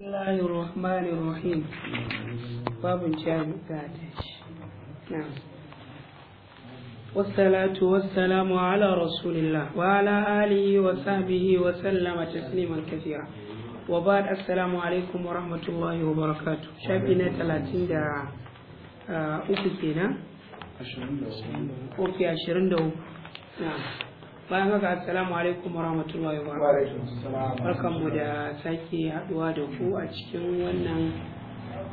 الله الرحمن الرحيم باب جامع نعم والصلاة والسلام على رسول الله وعلى آله وصحبه وسلم تسليما كثيرا وبعد السلام عليكم ورحمة الله وبركاته شابنا ثلاثين دا أوكي كنا أوكي عشرين دا نعم bayan haka assalamu alaikum warahmatullahi wabarakatuh barkanmu da sake haduwa da ku a cikin wannan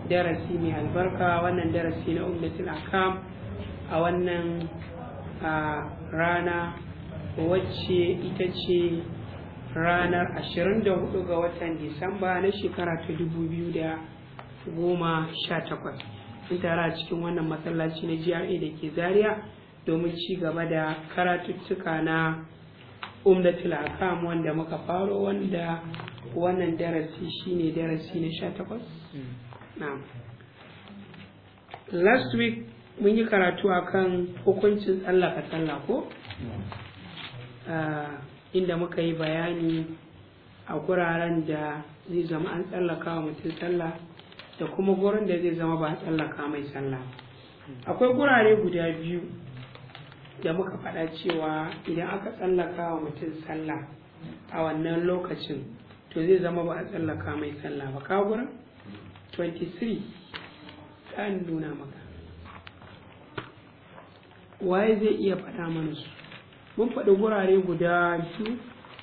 darasi mai albarka wannan darasi na ummatul akam a wannan rana wacce ita ce ranar 24 ga watan disamba na shekara ta 2018 sun tara a cikin wannan masallaci na GRA da ke Zariya. domin ci gaba da karatuttuka na umdatul akam wanda muka faro wanda wannan darasi shine darasi na 18 mm. na'am last week mun yi karatu akan hukuncin tsallaka sallah ko mm. ah, inda muka yi bayani a guraren da zai zama an tsallaka wa mutum sallah da kuma gurin da zai zama ba a tsallaka mai sallah mm. akwai gurare guda biyu da muka faɗa cewa idan aka tsallaka wa mutum sallah a wannan lokacin to zai zama ba a tsallaka mai sallah ba kagura 23 ta nuna maka waye zai iya faɗa mana su mun faɗi gurare guda biyu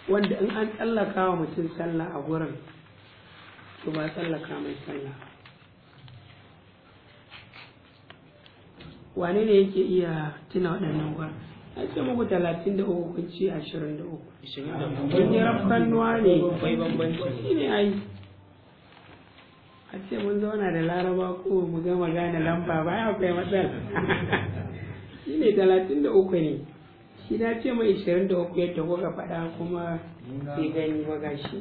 wanda in an tsallaka wa mutum sallah a gurin to ba tsallaka mai sallah wane ne yake iya tuna waɗannan gwa a ce muku talatin da uku kun ci ashirin da uku kun yi rafkannuwa ne bambanci shi ne ai a ce mun zauna da laraba ko mu gama gane lamba ba ya kai matsala shi ne talatin da uku ne shi na ce mai ishirin da uku yadda kuka faɗa kuma ke gani ba gashi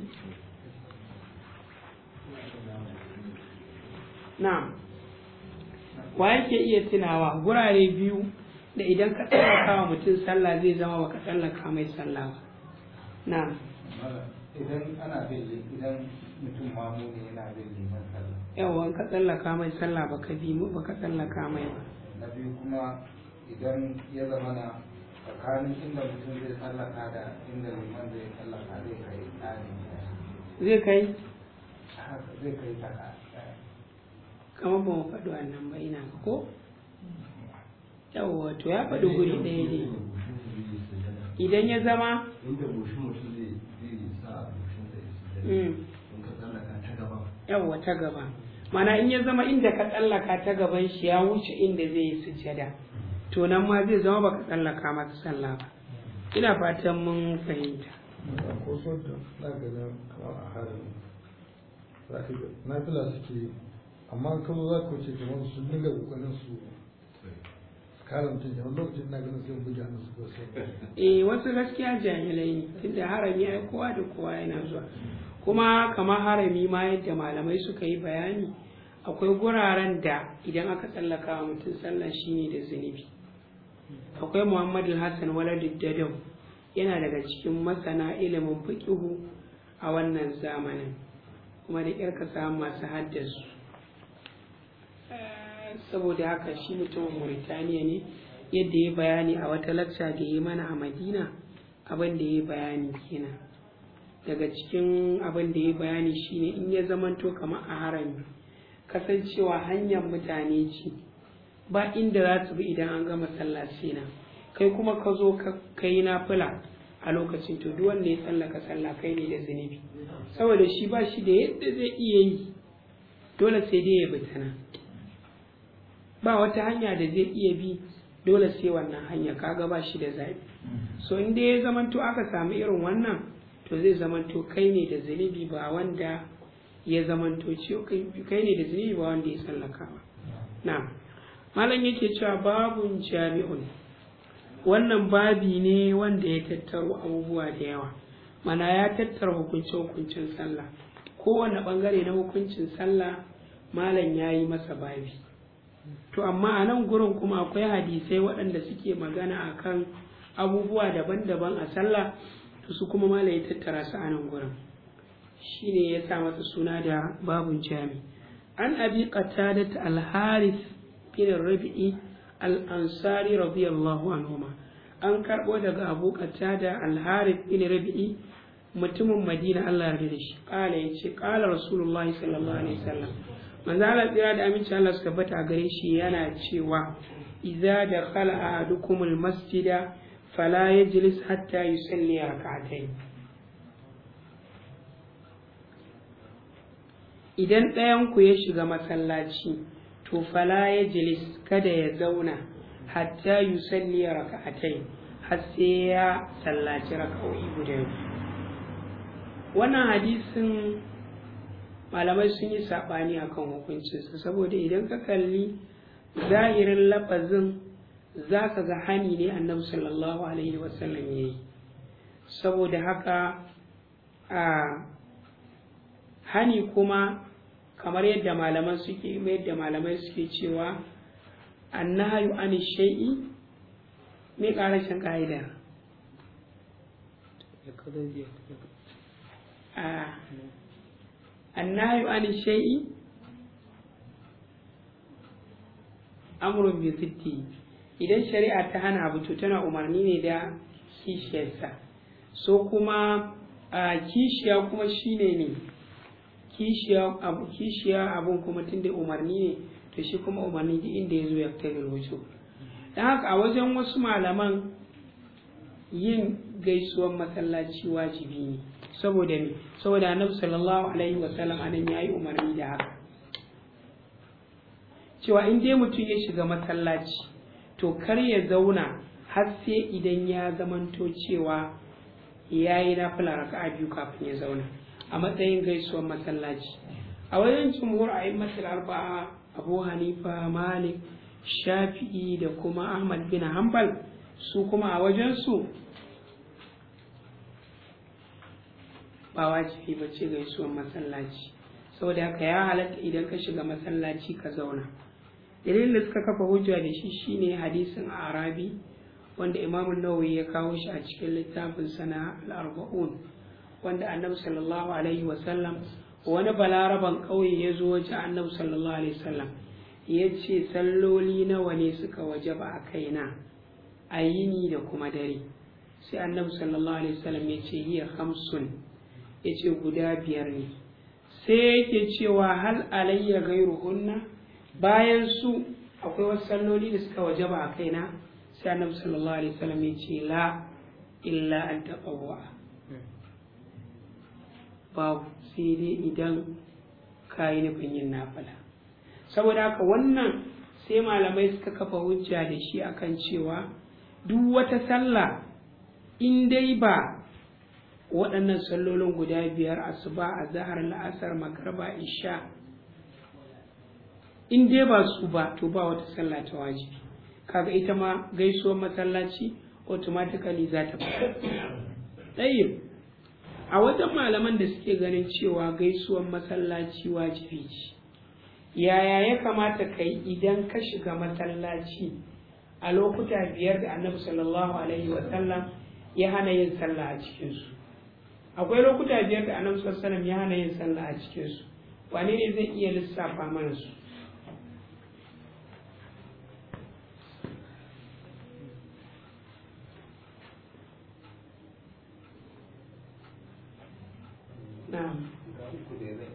na'am wa yake iya tunawa gurare biyu da idan ka tsallaka wa mutum sallah zai zama baka tsallaka mai sallah ba na idan ana bin idan mutum mamu ne yana bin liman sallah yawa ka tsallaka mai sallah baka bi mu baka tsallaka mai ba na biyu kuma idan ya zama na tsakanin inda mutum zai tsallaka da inda liman zai tsallaka zai kai tsari zai kai zai kai tsaka kamar ba mu faɗi wannan ba ina ko yawwa to ya faɗi guri ɗaya ne idan ya zama yawwa mm. ta gaba mana in ya zama inda ka tsallaka ta gaban shi ya wuce inda zai yi sujada to nan ma zai zama baka tsallaka masa sallah ba ina fatan mun fahimta ko so da za ka ga a harin na fila suke amma ka za ku ce kamar su dinga kokarin su karanta ne wani lokacin na ganin sai buga na su sai eh wasu gaskiya jahilai ne tunda harami ai kowa da kowa yana zuwa kuma kamar harami ma yadda malamai suka yi bayani akwai guraren da idan aka tsallaka wa mutum sallan shine da zunubi akwai muhammadu hassan waladid dadau yana daga cikin masana ilimin fiqihu a wannan zamanin kuma da ƙyar masu haddasu saboda haka shi mutumin Mauritaniya ne yadda ya bayani a wata lacca da ya mana a Madina abin da ya bayani kenan daga cikin abin da ya bayani shine in ya zamanto kamar a harami kasancewa hanyar mutane ce ba inda za su bi idan an gama sallah na, kai kuma ka zo ka yi nafila a lokacin to duk wanda ya tsallaka tsalla kai ne da zunubi saboda shi ba shi da yadda zai iya yi dole sai dai ya bi ba wata hanya da zai iya bi dole sai wannan hanya kaga ba shi da zaɓi so in dai ya zamanto aka samu irin wannan to zai zamanto kai ne da zunubi ba wanda ya zamanto ce kai ne da zunubi ba wanda ya sallaka ba na malam yake cewa babun jami'un wannan babi ne wanda ya tattaro abubuwa da yawa mana ya tattara hukunce hukuncin sallah kowane bangare na hukuncin sallah malam ya yi masa babi to amma a nan gurin kuma akwai hadisai waɗanda suke magana a kan abubuwa daban-daban a sallah to su kuma mala ya tattara su a nan gurin Shi ne ya sa masa suna da babun jami an abi qatadat al-harith bin rabi'i al-ansari radiyallahu anhuma an karɓo daga abu ƙata al-harith bin rabi'i mutumin madina Allah ya da shi ƙala ya ce ƙala rasulullahi sallallahu alaihi wasallam manzo Allah tsira da aminci Allah suka bata a gare shi yana cewa idza dakhala ahadukum almasjida fala yajlis hatta yusalli rak'atayn idan ɗayan ku ya shiga masallaci to fala yajlis kada ya zauna hatta yusalli rak'atayn har sai ya sallaci rak'o'i guda wannan hadisin malamai sun yi saɓani akan hukuncinsa saboda idan ka kalli zahirin lafazin za ka ga hani ne annabi sallallahu alaihi wasallam ya yi saboda haka a hani kuma kamar yadda malaman suke yadda malamai suke cewa annahayu an shay'i me karashin ka'ida a annahi ani shay'i amrun bi idan shari'a ta hana abu to tana umarni ne da kishiyarsa kuma kishiya kuma shine umarni ne to shi kuma umarni duk inda ya zo ya fita rubutu dan haka a wajen wasu malaman yin gaisuwar masallaci wajibi ne saboda ne saboda annabi sallallahu alaihi wasallam anan yayi umarni da haka cewa in dai mutum ya shiga masallaci to kar ya zauna har sai idan ya zamanto cewa yayi yi nafila raka'a biyu kafin ya zauna a matsayin gaisuwar masallaci a wajen jumhur a yin arba'a abu hanifa malik shafi'i da kuma ahmad bin hanbal su kuma a wajen su. ba wajibi ba ce gaisuwar masallaci saboda haka ya halatta idan ka shiga masallaci ka zauna dalilin da suka kafa hujja da shi shine hadisin arabi wanda imam nawawi ya kawo shi a cikin littafin sana al-arba'un wanda annabi sallallahu alaihi sallam wani balaraban ƙauye ya zo wajen annabi sallallahu alaihi ya ce salloli nawa ne suka waje ba a kaina a yini da kuma dare sai annabi sallallahu alaihi wasallam ya ce hiya khamsun ya ce guda biyar ne sai yake cewa hal alayya gairu hunna bayan su akwai wasu salloli da suka wajaba a kaina sai annabi sallallahu alaihi wasallam ya ce la illa an taɓa babu sai dai idan kayi ne nufin yin nafila saboda haka wannan sai malamai suka kafa hujja da shi akan cewa duk wata sallah in dai ba waɗannan sallolin guda biyar asuba a zahar la'asar makarba isha in dai ba su ba to ba wata sallah ta wajibi kaga ita ma gaisuwar masallaci automatically za ta fara ɗayin a wajen malaman da suke ganin cewa gaisuwar masallaci wajibi ce yaya ya kamata ka idan ka shiga masallaci a lokuta biyar da annabi sallallahu alaihi wasallam ya hana yin sallah a cikinsu akwai lokuta biyar da annabi sallallahu alaihi ya hana yin sallah a cikin su wane ne zai iya lissafa mana su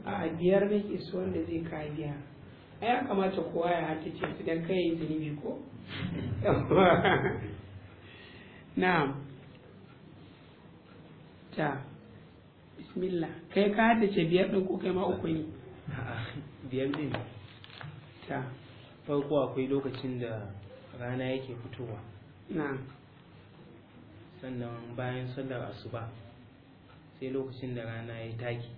a biyar nake so wanda zai ka biya ya kamata kowa ya hata ce su dan kai zunubi ko na ta bismillah kai ka da ce biyar ɗin ko kai ma uku ne biyar ɗin ta farko akwai lokacin da rana yake fitowa na'am sannan bayan sallar asuba sai lokacin da rana ya taki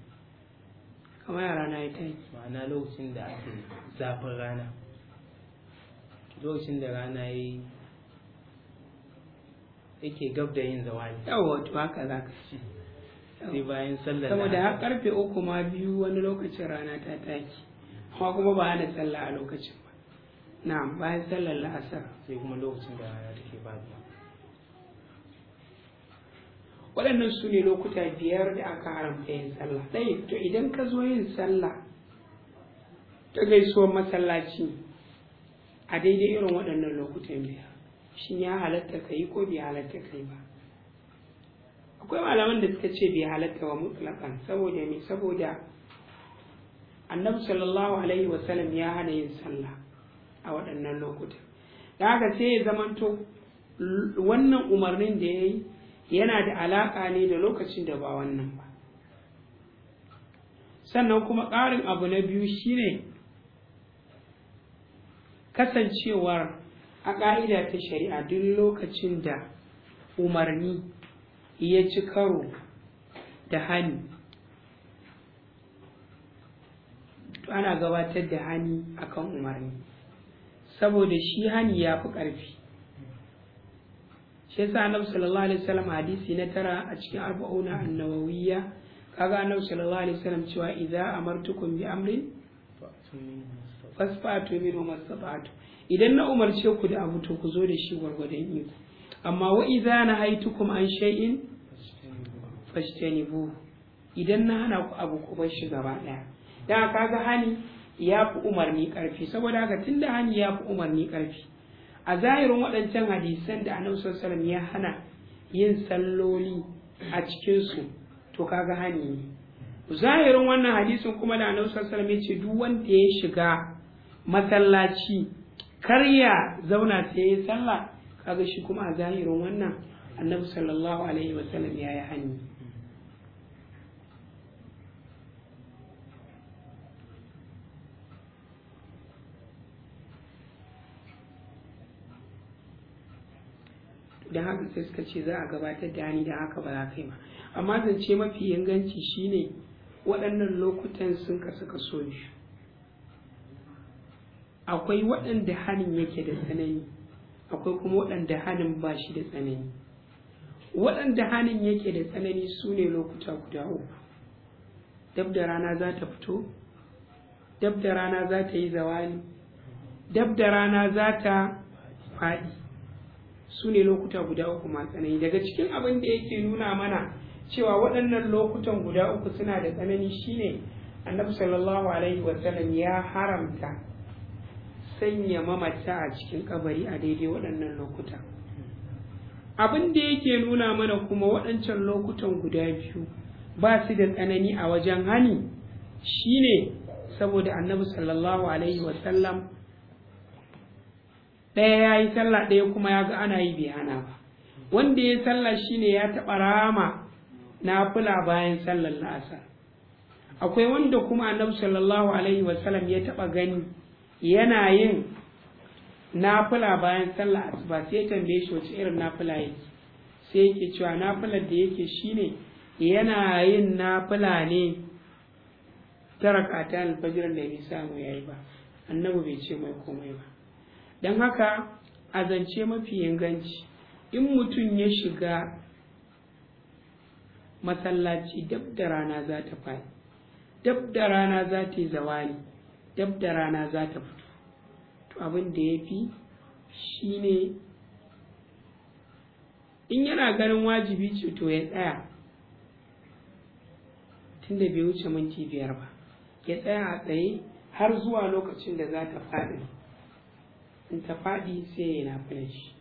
kamar rana ya taki ma'ana lokacin da ake zafin rana lokacin da rana ya yake gab da yin zawali yawon to haka za ka ce. sai bayan sallar saboda har karfe uku ma biyu wani lokacin rana ta taki amma kuma ba hana sallah a lokacin ba na'am bayan sallar la'asar sai kuma lokacin da rana take waɗannan su ne lokuta biyar da aka haramta yin sallah ɗaya to idan ka zo yin sallah ta gaisuwar masallaci a daidai irin waɗannan lokutan biyar shin ya halatta ka yi ko bai halatta ka yi ba akwai malaman da suka ce bai halatta wa mutlakan saboda me saboda annabi sallallahu alaihi wa sallam ya hana yin sallah a waɗannan lokutan da haka sai ya zamanto wannan umarnin da ya yi yana da alaƙa ne da lokacin da ba wannan ba sannan kuma ƙarin abu na biyu shine kasancewar a ƙa'ida ta shari'a duk lokacin da umarni ya ci karo da hani ana gabatar da hani akan umarni saboda shi hani ya fi ƙarfi shi yasa annabi sallallahu alaihi wasallam hadisi na tara a cikin arba'una annawawiyya kaga annabi sallallahu alaihi wasallam cewa idza amartukum bi amrin fasfatu min mastata'tu idan na umarce ku da abu to ku zo da shi gwargwadon iko amma wa idza nahaytukum an shay'in bu idan na hana ku abu ku bar shi gaba daya dan kaga hani ya fi umarni karfi saboda haka da hani ya fi umarni karfi a zahirin waɗancan hadisan da annabi sallallahu alaihi wasallam ya hana yin salloli a cikin su to kaga hani ne zahirin wannan hadisin kuma da annabi sallallahu alaihi wasallam ya ce duk wanda ya shiga masallaci kar ya zauna sai ya sallah kaga shi kuma a zahirin wannan annabi sallallahu alaihi wasallam ya yi hani da haka sai suka ce za a gabatar da hani da haka ba za kai ba amma zance mafi inganci shine waɗannan lokutan sun kasu kaso shi akwai waɗanda hanin yake da tsanani akwai kuma waɗanda hanin ba shi da tsanani waɗanda hanin yake da tsanani su ne lokuta guda uku dab da rana za ta fito dab da rana za ta yi zawani, dab da rana za ta faɗi su ne lokuta guda uku masu tsanani daga cikin abin da yake nuna mana cewa waɗannan lokutan guda uku suna da tsanani shine annabi sallallahu alaihi wasallam ya haramta sanya mamata a cikin kabari a daidai waɗannan lokuta abin da yake nuna mana kuma waɗancan lokutan guda biyu ba su da tsanani a wajen hani shine saboda annabi sallallahu alaihi wasallam ɗaya ya yi sallah ɗaya kuma ya ga ana yi bai hana ba wanda ya sallah shi ne ya taɓa rama fula bayan sallar la'asar akwai wanda kuma annabi sallallahu alaihi wasallam ya taɓa gani yana yin fula bayan sallar asuba sai ya tambaye shi wace irin nafila yake sai yake cewa nafilar da yake shine yana yin fula ne ta rakata alfajir da bai samu yi ba annabi bai ce mai komai ba don haka a zance mafi inganci in mutum ya shiga masallaci dab da rana za ta faɗi dab da rana za ta yi zawani, dab da rana za ta fito to abin da ya fi shi ne. in yana ganin wajibi ce to ya tsaya tunda bai wuce minti biyar ba ya tsaya a tsaye har zuwa lokacin da za ta faɗi in ta faɗi sai ya yi na shi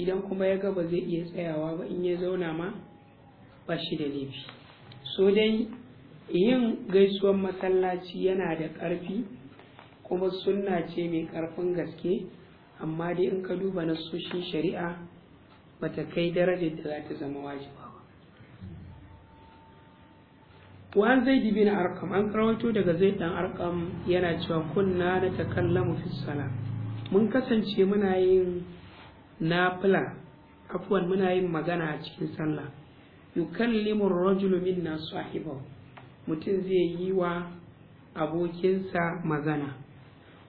idan kuma ya ga ba zai iya tsayawa ba in ya zauna ma ba shi da laifi so dai yin gaisuwan masallaci yana da ƙarfi kuma sunna ce mai ƙarfin gaske amma dai in ka duba na shari'a ba ta kai darajar da za ta zama wajibi wa zai dibi na arkam. an karawato daga zai dan arkam yana cewa kunna na takallamu fi sala mun kasance muna yin nafila afwan muna yin magana a cikin sallah yukallimu ar-rajulu minna sahibahu mutum zai yi wa abokinsa magana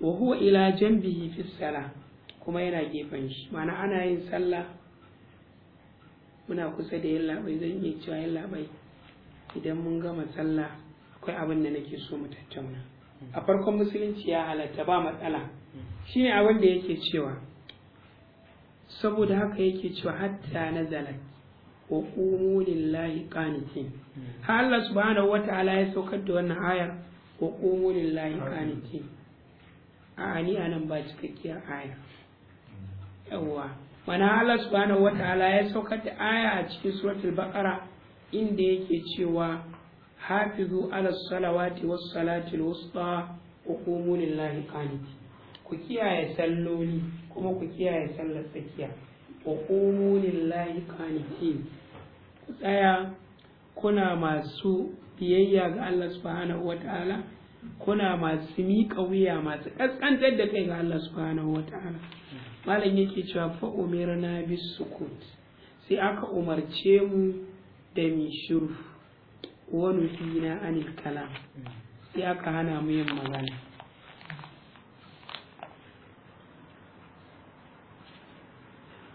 wa huwa ila janbihi fi sala kuma yana gefen shi mana ana yin sallah muna kusa da yallaɓai zan iya cewa yallaɓai idan mun gama sallah akwai abin da nake so mu tattauna a farkon musulunci ya halatta ba matsala ne abin da yake cewa saboda haka yake cewa hatta na nazalat wa qumu lillahi qanitin ha Allah subhanahu ala ya saukar da wannan ayar wa qumu lillahi qanitin a ni anan ba cikakkiyar aya yawwa mana Allah subhanahu ala ya saukar da aya a cikin suratul baqara inda yake cewa hafizu ala salawati was salati wusta wa qumu lillahi qaniti ku kiyaye salloli kuma ku kiyaye sallar tsakiya wa qumu lillahi qaniti ku tsaya kuna masu biyayya ga Allah subhanahu wataala kuna masu miƙa wuya masu ƙasƙantar da kai ga Allah subhanahu wataala malam yake cewa fa umirna bisukut sukut sai aka umarce mu da mi shuru wani fina anil kalam sai aka hana mu yin magana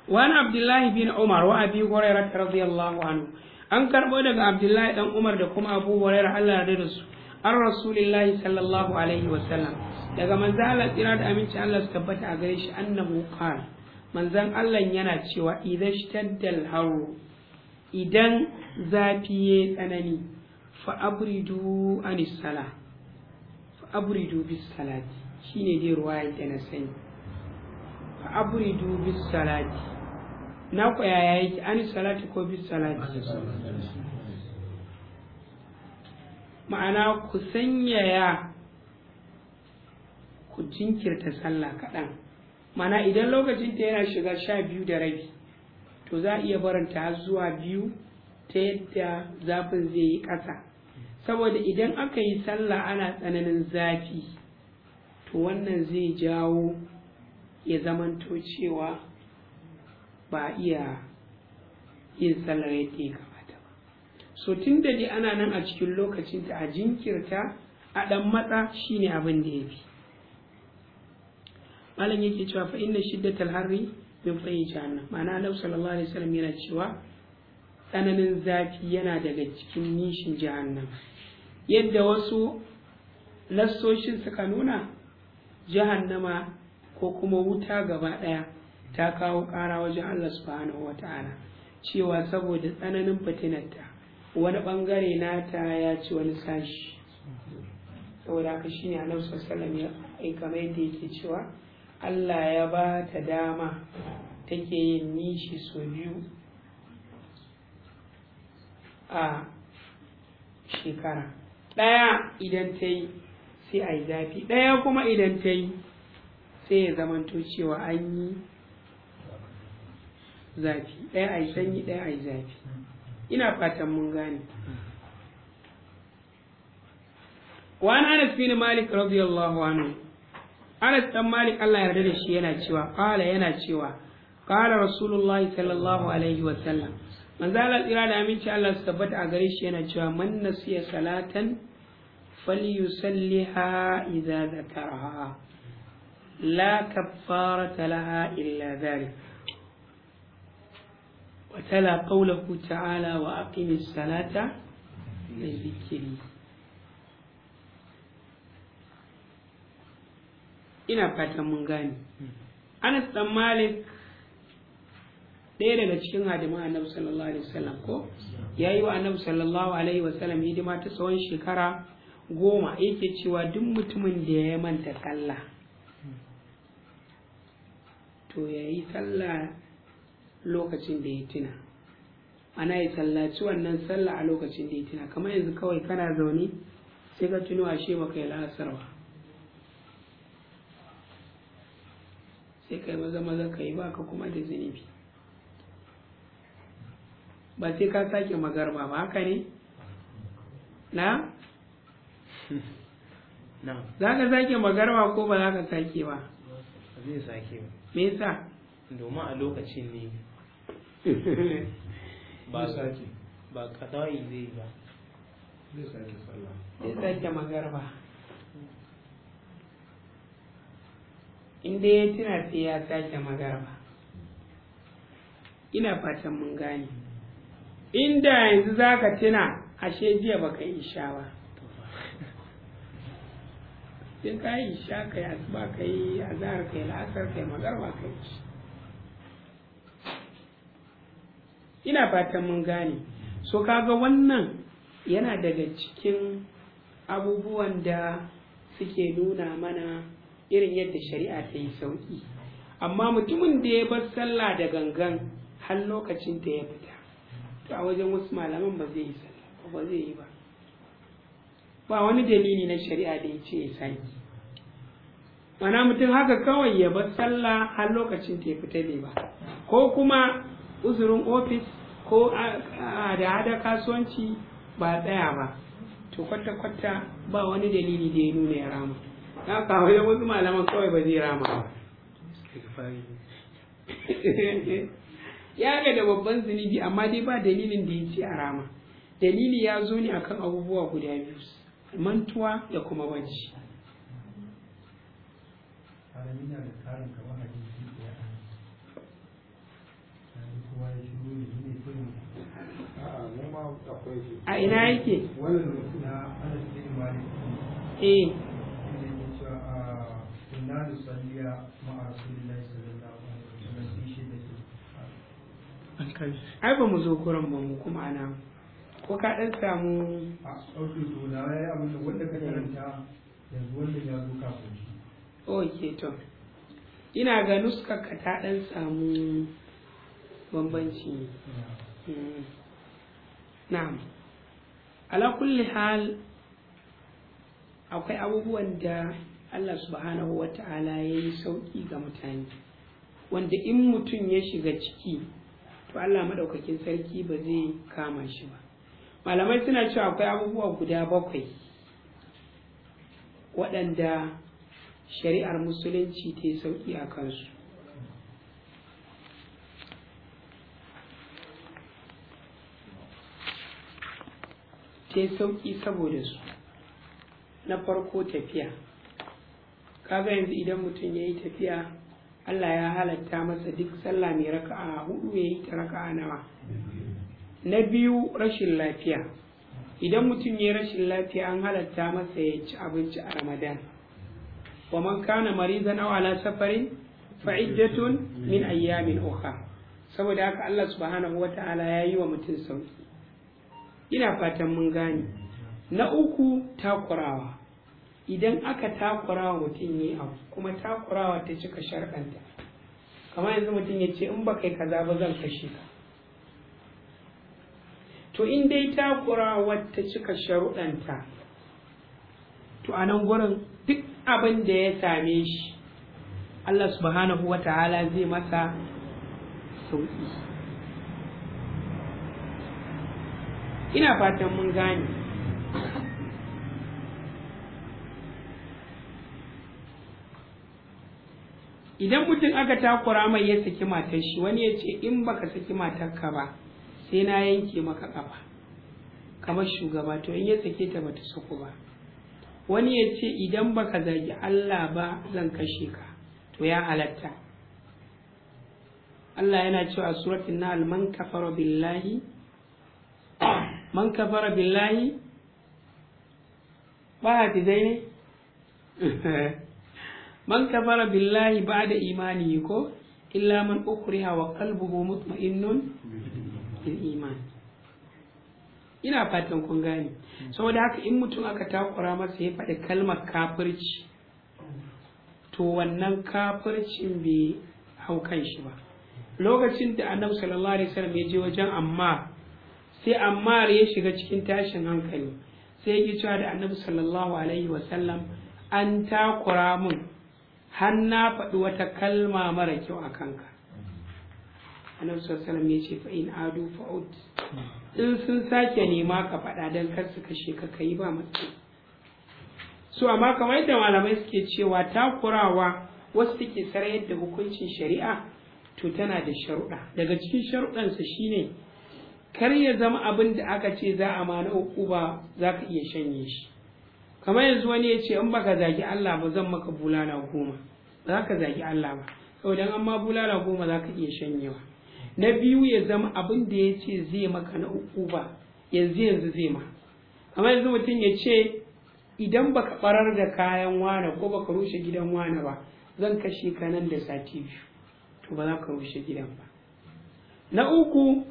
wani abdullahi bin umar wa abi hurairah radiyallahu anhu an karɓo daga abdullahi dan umar da kuma abu hurairah Allah da su an rasu rasulillahi sallallahu alaihi wasallam daga manza Allah tsira da aminci Allah su tabbata a gare shi annahu qala manzan Allah yana cewa idan shi shtaddal haru idan zafi ya tsanani fa'aburidu anis sala fa'abridu bis salati shine dai ruwa da na sani fa'aburidu bis salati na kwaya yake anis salati ko bis salati ma'ana ku sanyaya ku jinkirta sallah kaɗan ma'ana idan lokacin ta yana shiga sha biyu da rabi to za a iya baranta har zuwa biyu ta yadda zafin zai yi ƙasa saboda idan aka yi sallah ana tsananin zafi to wannan zai jawo ya zamanto cewa ba a iya yin sallar yadda ya kamata ba so tun da ana nan a cikin lokacin ta a jinkirta a ɗan matsa shine abin da ya fi malam yake cewa fa'in shiddatar shiddatal harri min tsayi jahannam ma'ana sallallahu alaihi wasallam yana cewa tsananin zafi yana daga cikin nishin jahannam yadda wasu nassoshin suka nuna jahannama ko kuma wuta gaba daya ta kawo kara wajen Allah subhanahu wata'ala cewa saboda tsananin fitinarta wani ɓangare nata ya ci wani sashi saboda haka shine annabi sallallahu alaihi wasallam ya aika mai da yake cewa Allah ya ba ta dama take yin nishi sau biyu a shekara ɗaya idan ta yi sai a yi zafi ɗaya kuma idan ta yi sai ya zamanto cewa an yi zafi ɗaya a yi sanyi ɗaya a yi zafi ina fatan mun gane وعن انس بن مالك رضي الله عنه Anas dan Malik Allah yarda da shi yana cewa qala yana cewa qala Rasulullah sallallahu alaihi wa sallam manzo Allah tsira da aminci Allah su tabbata a gare shi yana cewa man nasiya salatan falyusalliha idza zakaraha la kaffarata laha illa dhalik وتلا قوله تعالى وأقم الصلاة لذكري ina fatan mun gane anas dan malik ɗaya daga cikin hadiman annabi sallallahu alaihi wasallam ko ya wa annabi sallallahu alaihi wasallam hidima ta tsawon shekara goma yake cewa duk mutumin da ya manta sallah to ya yi sallah lokacin da ya tuna ana ya sallaci wannan sallah a lokacin da ya tuna kamar yanzu kawai kana zaune sai ka tuno ashe baka yi la'asar sai kai maza maza ka yi baka kuma da zunubi ba sai ka sake magarba ba haka ne na za ka sake magarba ko ba za ka sake ba zai sake ba me yasa domin a lokacin ne ba sake ba kadawai zai ba zai sake sallah zai sake magarba inda ya tuna sai ya sake magarba ina fatan mun gane inda yanzu za ka tuna ashe jiya baka yi isha ba sai ka yi sha ka yi asuba ka yi azahar ka yi la'asar ka yi magarba ka yi ina fatan mun gane so kaga wannan yana daga cikin abubuwan da suke nuna mana irin yadda shari'a ta yi sauki amma mutumin da ya bar sallah da gangan har lokacin da ya fita to a wajen wasu malaman ba zai yi sallah ba zai yi ba ba wani dalili na shari'a da ya ce ya saki mana mutum haka kawai ya bar sallah har lokacin da ya fita ne ba ko kuma uzurin ofis ko da hada kasuwanci ba tsaya ba to kwata-kwata ba wani dalili da ya nuna ya rama ya kawo ya wasu malaman kawai ba zai rama ba ya ga da babban zunubi amma dai ba dalilin da ya ce a rama dalili ya zo ne akan abubuwa guda biyu mantuwa da kuma bacci a ina yake eh لا نصلي مع رسول الله صلى الله عليه وسلم في شدة ai ba mu zo kuran ba mu kuma ana ko ka dan samu a ɗauki tona ya abin da wanda ka karanta yanzu wanda ya zo ka kuji. ok to ina ga nuska ka ta dan samu bambanci hmm. na'am ala kulli hal akwai abubuwan da Allah subhanahu wa ta'ala ya yi sauƙi ga mutane wanda in mutum ya shiga ciki to Allah maɗaukakin sarki ba zai kama shi ba malamai suna cewa akwai abubuwa guda bakwai waɗanda shari'ar musulunci ta yi sauƙi a kansu ta yi sauƙi saboda su na farko tafiya kaga yanzu idan mutum ya yi tafiya Allah ya halatta masa duk sallah mai raka'a hudu ya yi ta raka'a nawa na biyu rashin lafiya idan mutum ya rashin lafiya an halatta masa ya ci abinci a ramadan wa man kana maridan aw ala safarin fa min ayyamin ukha saboda haka Allah subhanahu wataala ya yi wa mutum sauki ina fatan mun gane na uku takurawa idan aka takura wa mutum yi abu kuma takurawa ta cika shar'anta kamar yanzu mutum ya ce in ba kai kaza ba zan kashe ka to in dai takurawa ta cika sharuɗanta to a nan gurin duk abin da ya same shi Allah subhanahu wa ta'ala zai masa sauƙi ina fatan mun gane idan mutum aka takura mai ya saki matar shi wani ya ce in baka saki matarka ba sai na yanke maka kafa kamar shugaba to in ya sake ta bata saku ba wani ya ce idan baka zagi Allah ba zan kashe ka to ya halatta Allah yana cewa suratul nahl man kafara billahi man kafara billahi ba dai ne man kafara billahi ba'da imani ko illa man ukriha wa qalbuhu mutma'innun bil iman ina fatan kun gane haka in mutum aka takura masa ya faɗi kalmar kafirci to wannan kafircin bai hau kan shi ba lokacin da annabi sallallahu alaihi wasallam ya je wajen amma sai amma ya shiga cikin tashin hankali sai ya cewa da annabi sallallahu alaihi wasallam an takura mun har na faɗi wata kalma mara kyau a kanka annabi sallallahu ya ce fa in adu fa in sun sake nema ka faɗa dan kar su kashe ka kai ba matsayi so amma kamar da malamai suke cewa takurawa wasu suke sarayar da hukuncin shari'a to tana da sharuɗa daga cikin sharuɗansa shine kar ya zama abin da aka ce za a ma na uku ba za ka iya shanye shi kamar yanzu wani ya ce in baka zagi Allah ba zan maka bulala goma za ka zagi Allah ba saboda an ma bulala goma za ka iya shanyewa na biyu ya zama abin da ya ce zai maka na uku ba yanzu yanzu zai ma kamar yanzu mutum ya ce idan baka barar da kayan wane ko baka rushe gidan wane ba zan kashe ka nan da sati biyu to ba za ka rushe gidan ba na uku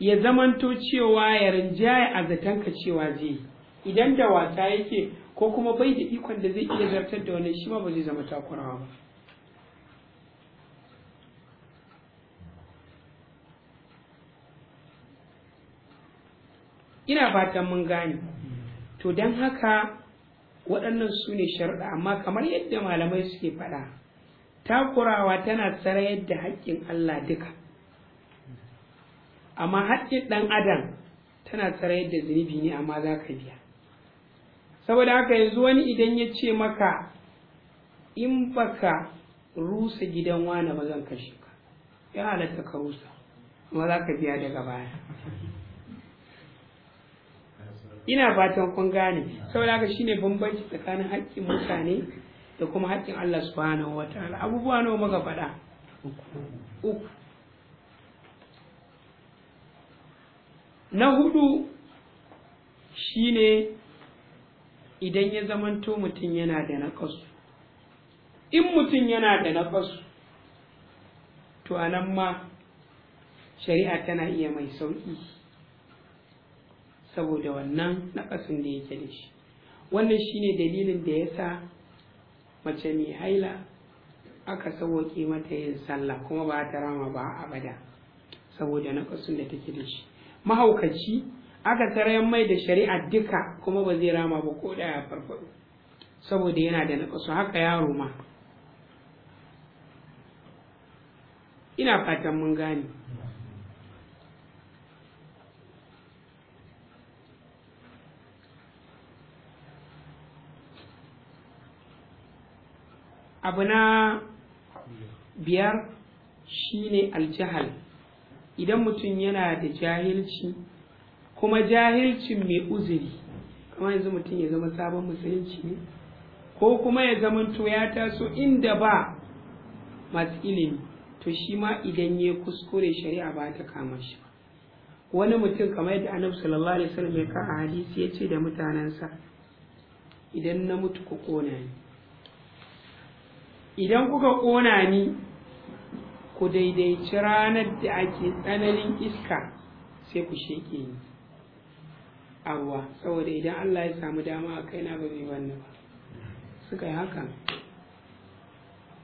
ya zamanto cewa ya rinjaya a zaton ka cewa zai yi idan da wasa yake ko kuma bai da ikon da zai iya zartar da wannan shi ma ba zai zama takurawa ba ina fatan mun gane to don haka waɗannan su ne sharuɗa amma kamar yadda malamai suke faɗa takurawa tana tsara da haƙƙin Allah duka amma haƙƙin ɗan adam tana tsara da zunubi ne amma za ka biya saboda haka yanzu wani idan ya ce maka in baka rusa gidan wani ba zan kashe ka ya halatta ka rusa kuma za ka biya daga baya ina fatan kun gane saboda haka shine bambanci tsakanin haƙƙin mutane da kuma haƙƙin Allah subhanahu wa ta'ala abubuwa nawa muka faɗa uku na hudu shine idan ya zamanto mutum yana da naƙasu in mutum yana da naƙasu to a nan ma shari'a tana iya mai sauƙi saboda wannan naƙasun da yake da shi wannan shine dalilin da ya sa mace mai haila aka sauwaƙe mata yin sallah kuma ba ta rama ba abada saboda naƙasun da take da shi mahaukaci aka tarayan mai da shari'a duka kuma ba zai rama ba ko da ya farfaɗo saboda yana da naƙasu haka yaro ma ina fatan mun gane abu na biyar shine aljahal idan mutum yana da jahilci kuma jahilcin mai uzuri kamar yanzu mutum ya zama sabon musulunci ne ko kuma ya zama to ya taso inda ba masu ilimi to shi ma idan ya kuskure shari'a ba ta kama shi wani mutum kamar yadda annabi sallallahu alaihi wasallam ya ka hadisi ya ce da mutanensa idan na mutu ku kona ni idan kuka kona ni ku daidaici ranar da ake tsananin iska sai ku sheke ni a saboda idan Allah ya samu dama a kaina ba zai wannan ba suka yi hakan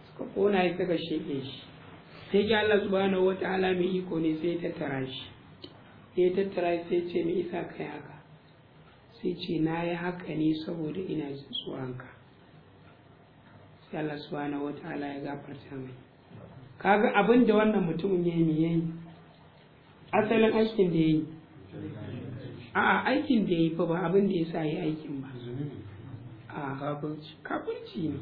suka kona ya suka sheke shi sai ki Allah subhanahu wataala mai iko ne sai ya tattara shi ya tattara shi sai ce mai isa kai haka sai ce na yi haka ne saboda ina jin tsoronka sai Allah subhanahu ta'ala ya gafarta mai kaga abin da wannan mutumin ya yi asalin aikin da ya yi a'a aikin da ya yi fa ba abin da ya sa ya aikin ba a kafirci ne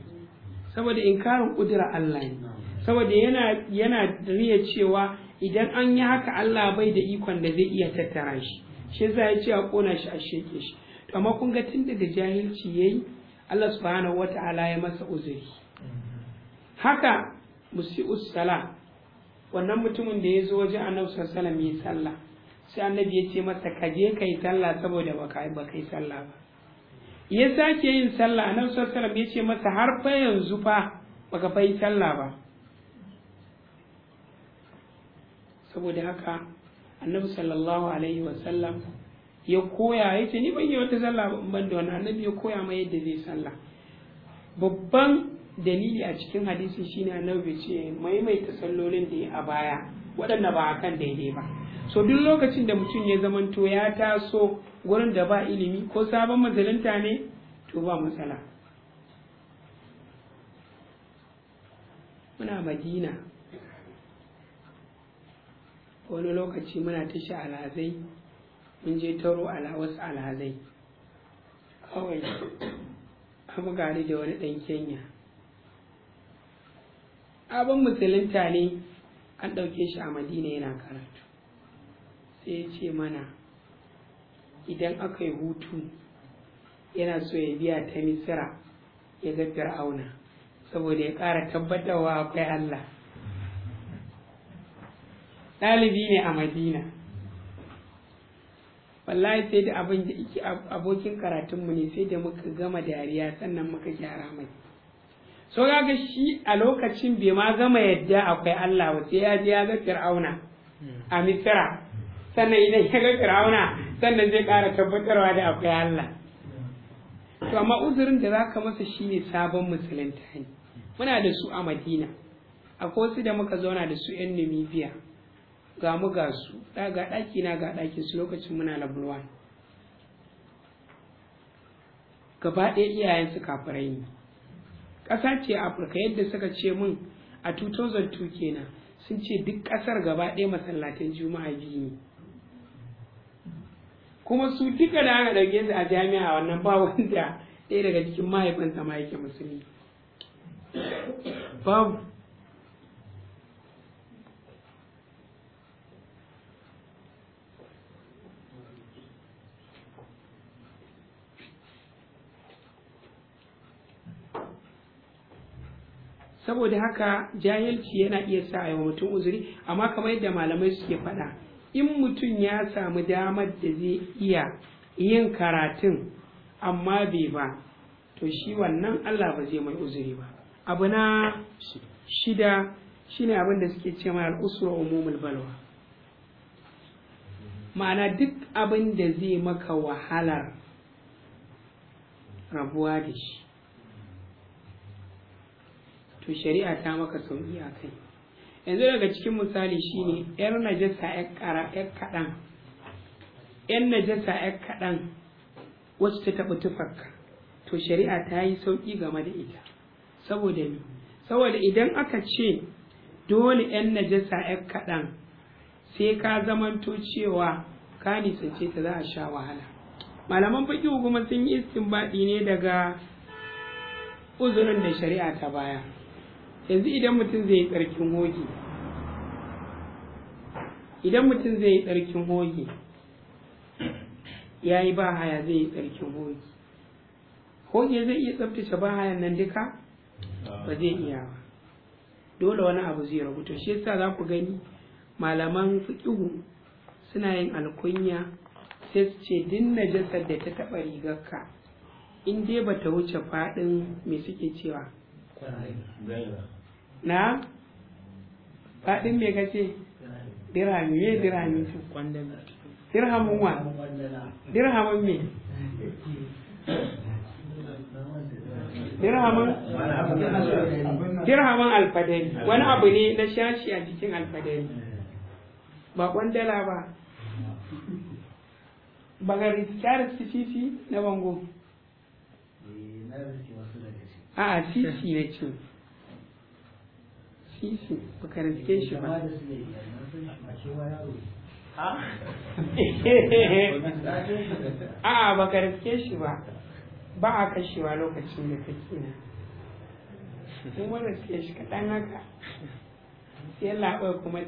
saboda inkarin kudura Allah ne saboda yana yana riya cewa idan an yi haka Allah bai da ikon da zai iya tattara shi shi za ya ce a kona shi a sheke shi to amma kun ga tun daga jahilci yayi Allah subhanahu wata'ala ya masa uzuri haka musi'us sala wannan mutumin da ya zo wajen annabi sallallahu alaihi wasallam ya sallah sai annabi ya ce masa ka je ka yi sallah saboda ba ka yi sallah ba ya sake yin sallah annabi sallallahu alaihi ya ce masa har fa yanzu fa ba ka yi sallah ba saboda haka annabi sallallahu alaihi wasallam ya koya ya ce ni ban yi wata sallah ban da wannan annabi ya koya ma yadda zai sallah babban dalili a cikin hadisi shine annabi bai ce maimaita sallolin da ya a baya waɗanda ba a kan daidai ba so duk lokacin da mutum ya to ya taso gurin da ba ilimi ko sabon mazalinta ne to ba matsala muna madina wani lokaci muna tashi alhazai mun je taro wasu alhazai kawai abu gari da wani ɗan kenya abin musulunta ne an ɗauke shi a madina yana karatu sai ya ce mana idan aka yi hutu yana so ya biya ta misira ya ga fir'auna saboda ya ƙara tabbatarwa akwai allah ɗalibi ne a madina wallahi sai da abin da iki abokin karatunmu ne sai da muka gama dariya sannan muka gyara mai so ga shi a lokacin bai ma gama yadda akwai Allah sai ya je ya ga Fir'auna a Misira sannan idan ya ga firauna sannan zai ƙara tabbatarwa da akwai Allah to amma uzurin da zaka masa shine sabon musulunta ne muna da su a Madina akwai wasu da muka zauna da su yan Namibia ga mu ga su ga ɗaki na ga ɗakin su lokacin muna na Bulwa gaba ɗaya iyayen su kafirai ne ƙasa ce Afirka yadda suka ce min a 2002 kenan sun ce duk ƙasar gaba ɗaya masallatan juma'a biyu ne kuma su duka da aka ɗauke su a jami'a wannan ba wanda ɗaya daga cikin mahaifinsa ma yake musulmi babu saboda haka jahilci yana iya sa a mutum uzuri amma kamar yadda malamai suke faɗa in mutum ya samu damar da zai iya yin karatun amma bai ba to shi wannan Allah ba zai mai uzuri ba abu na shida shine abin da suke ce mai al'usra umumul balwa ma'ana duk abin da zai maka wahalar rabuwa da shi to shari'a ta maka sauƙi a kai yanzu daga cikin misali shine yar najasa yar kara yar kaɗan yan najasa yar kaɗan wacce ta taɓa tufarka to shari'a ta yi sauƙi game da ita saboda ni saboda idan aka ce dole yan najasa yar kaɗan sai ka zamanto cewa ka nisance ta za a sha wahala malaman baƙi kuma sun yi istinbaɗi ne daga uzurin da shari'a ta baya yanzu idan mutum zai yi tsarkin hoge idan mutum zai yi tsarkin hoge ya yi ba haya zai yi tsarkin hoge hoge zai iya tsabtace ba hayan nan duka ba zai iya ba dole wani abu zai rabu to shi yasa za ku gani malaman fiƙihu suna yin alkunya sai su ce din najasar da ta taɓa rigarka in dai bata wuce faɗin me suke cewa na faɗin me kace dirhami me dirhami su dirhamin wa dirhamin me dirhamin dirhamin alfadari wani abu ne na shashi a jikin alfadari ba kwandala ba bagari kyara sisi na bango eh, a sisi na ce riske shi ka riske shi ba a a ba ka riske shi ba ba a kashewa lokacin da kake na sun wani riske shi kaɗan haka sai laɓa kuma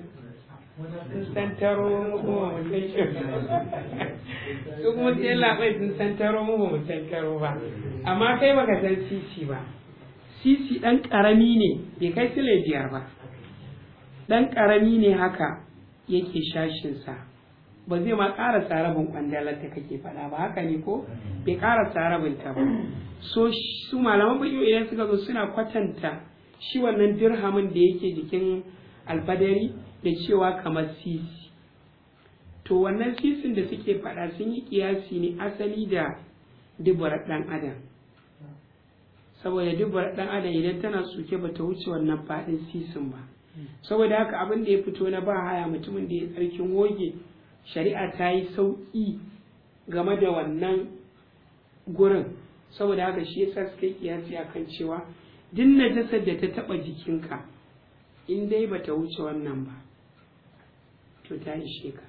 sun santaro muku ba mu san shi kuma sai laɓa sun santaro muku ba mu san ba amma kai baka san cici ba sisi ɗan ƙarami ne bai kai sile biyar ba ɗan ƙarami ne haka yake shashinsa ba zai ma ƙara sarabin ƙwandalar da kake faɗa ba haka ne ko bai ƙara sarabin ta ba so su malaman bayo idan suka zo suna kwatanta shi wannan dirhamin da yake jikin albadari da cewa kamar sisi to wannan sisin da suke faɗa sun yi kiyasi ne asali da dubar ɗan adam saboda dubbar dan adam idan tana suke bata wuce wannan fadin sisin ba hmm. saboda haka abin da ya fito na ba haya mutumin da ya tsarkin goge shari'a ta yi sauƙi game da wannan gurin saboda haka shi yasa suka kiyasi akan cewa din najasar da ta taba jikinka in dai bata wuce wannan ba to ta ishe ka